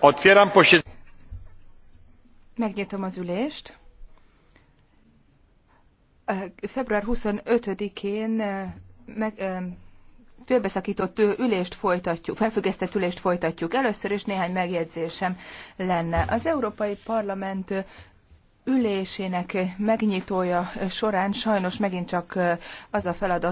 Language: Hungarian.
Otwieram posiedzenie. Megnyitom az ülést. Február 25-én meg, félbeszakított ülést folytatjuk, felfüggesztett ülést folytatjuk. Először is néhány megjegyzésem lenne. Az Európai Parlament ülésének megnyitója során sajnos megint csak az a feladat,